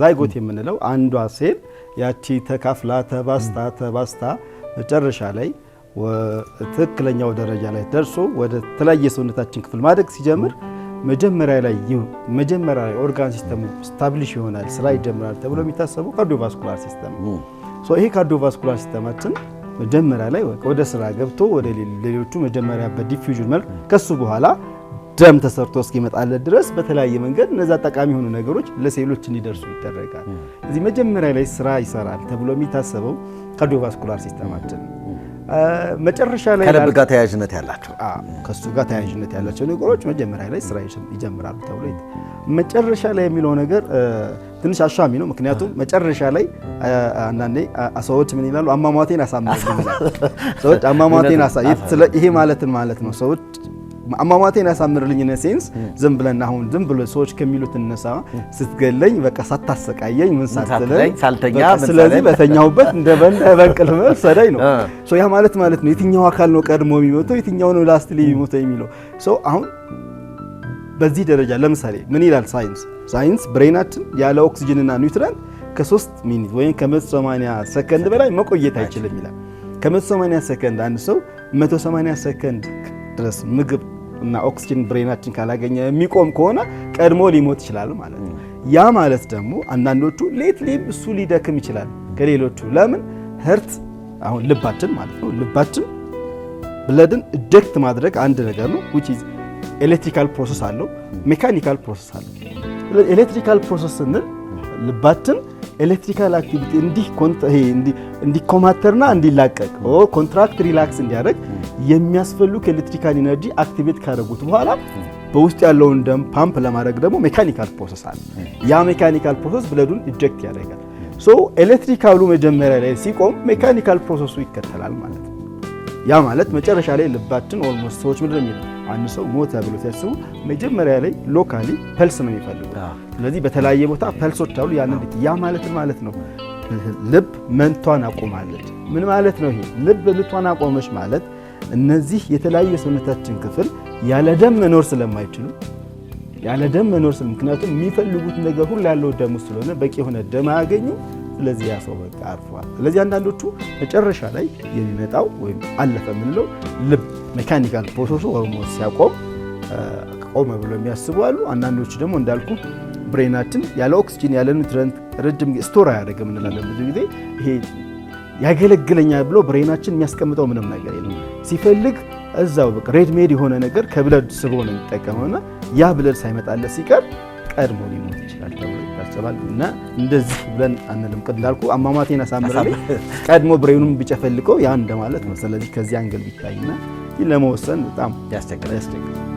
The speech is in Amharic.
ዛይጎት የምንለው አንዷ ሴል ያቺ ተካፍላ ተባስታ ተባስታ መጨረሻ ላይ ትክክለኛው ደረጃ ላይ ደርሶ ወደ ተለያየ ሰውነታችን ክፍል ማደግ ሲጀምር መጀመሪያ ላይ መጀመሪያ ላይ ኦርጋን ሲስተሙ ስታብሊሽ ይሆናል፣ ስራ ይጀምራል ተብሎ የሚታሰቡ ካርዲዮቫስኩላር ሲስተም ነው። ይሄ ካርዲዮቫስኩላር ሲስተማችን መጀመሪያ ላይ ወደ ስራ ገብቶ ወደ ሌሎቹ መጀመሪያ በዲፊውዥን መልክ ከሱ በኋላ ደም ተሰርቶ እስኪመጣለት ድረስ በተለያየ መንገድ እነዛ ጠቃሚ የሆኑ ነገሮች ለሴሎች እንዲደርሱ ይደረጋል። እዚህ መጀመሪያ ላይ ስራ ይሰራል ተብሎ የሚታሰበው ካርዲዮቫስኩላር ሲስተማችን መጨረሻ ላይ ከልብ ጋር ተያያዥነት ያላቸው ከሱ ጋር ተያያዥነት ያላቸው ነገሮች መጀመሪያ ላይ ስራ ይጀምራሉ ተብሎ መጨረሻ ላይ የሚለው ነገር ትንሽ አሻሚ ነው። ምክንያቱም መጨረሻ ላይ አንዳንዴ ሰዎች ምን ይላሉ? አሟሟቴን አሳምር ሰዎች አሟሟቴን አሳ ይሄ ማለትን ማለት ነው ሰዎች አሟሟቴን ያሳምርልኝ። ነ ሴንስ ዝም ብለን አሁን ዝም ብሎ ሰዎች ከሚሉት እነሳ ስትገለኝ በቃ ሳታሰቃየኝ ምን ሳትለኝ ሳልተኛ፣ ስለዚህ በተኛሁበት እንደ በንደ በንቅል መሰደኝ ነው። ሶ ያ ማለት ማለት ነው የትኛው አካል ነው ቀድሞ የሚሞተው የትኛው ነው ላስት ላይ የሚሞተው የሚለው ሶ አሁን በዚህ ደረጃ ለምሳሌ ምን ይላል ሳይንስ? ሳይንስ ብሬናችን ያለ ኦክሲጅንና ኒውትረንት ከሶስት ሚኒት ወይም ከ180 ሰከንድ በላይ መቆየት አይችልም ይላል። ከ180 ሰከንድ አንድ ሰው 180 ሰከንድ ድረስ ምግብ እና ኦክሲጅን ብሬናችን ካላገኘ የሚቆም ከሆነ ቀድሞ ሊሞት ይችላል ማለት ነው። ያ ማለት ደግሞ አንዳንዶቹ ሌት ሌብ እሱ ሊደክም ይችላል ከሌሎቹ። ለምን ህርት አሁን ልባችን ማለት ነው ልባችን ብለድን ኢጀክት ማድረግ አንድ ነገር ነው። ዊች ኢዝ ኤሌክትሪካል ፕሮሰስ አለው፣ ሜካኒካል ፕሮሰስ አለው። ኤሌክትሪካል ፕሮሰስ ስንል ልባችን ኤሌክትሪካል አክቲቪቲ እንዲኮማተርና እንዲላቀቅ ኮንትራክት ሪላክስ እንዲያደርግ የሚያስፈልግ ኤሌክትሪካል ኢነርጂ አክቲቬት ካደረጉት በኋላ በውስጥ ያለውን ደም ፓምፕ ለማድረግ ደግሞ ሜካኒካል ፕሮሰስ አለ። ያ ሜካኒካል ፕሮሰስ ብለዱን ኢጀክት ያደርጋል። ሶ ኤሌክትሪካሉ መጀመሪያ ላይ ሲቆም ሜካኒካል ፕሮሰሱ ይከተላል ማለት ነው። ያ ማለት መጨረሻ ላይ ልባችን ኦልሞስት ሰዎች ምድር የሚለው አንድ ሰው ሞተ ብሎ ሲያስቡ መጀመሪያ ላይ ሎካሊ ፐልስ ነው የሚፈልጉ። ስለዚህ በተለያየ ቦታ ፐልሶች አሉ። ያንን ያ ማለት ማለት ነው ልብ መንቷን አቆማለች። ምን ማለት ነው ይሄ? ልብ ምቷን አቆመች ማለት እነዚህ የተለያዩ የሰውነታችን ክፍል ያለ ደም መኖር ስለማይችሉ ያለ ደም መኖር ምክንያቱም የሚፈልጉት ነገር ሁሉ ያለው ደም ስለሆነ በቂ የሆነ ደም አያገኙ ስለዚህ ያ ሰው በቃ አርፏል። ስለዚህ አንዳንዶቹ መጨረሻ ላይ የሚመጣው ወይም አለፈ የምንለው ልብ ሜካኒካል ፕሮሰሱ ወይም ሲያቆም ቆመ ብሎ የሚያስቡ አሉ። አንዳንዶቹ ደግሞ እንዳልኩ ብሬናችን ያለ ኦክስጂን ያለ ኒውትረንት ረጅም ስቶር አያደርግም እንላለን ብዙ ጊዜ ይሄ ያገለግለኛል ብሎ ብሬናችን የሚያስቀምጠው ምንም ነገር የለም። ሲፈልግ እዛው በቃ ሬድ ሜድ የሆነ ነገር ከብለድ ስቦ ነው የሚጠቀመውና ያ ብለድ ሳይመጣለት ሲቀር ቀድሞ ሊሞት ይችላል። ይታሰባል እና እንደዚህ ብለን አንልም። እንዳልኩ አሟሟቴን አሳምረ ቀድሞ ብሬኑም ቢጨፈልቀው ያ እንደማለት ነው። ስለዚህ ከዚህ አንገል ቢታይና ለመወሰን በጣም ያስቸግራል ያስቸግራል።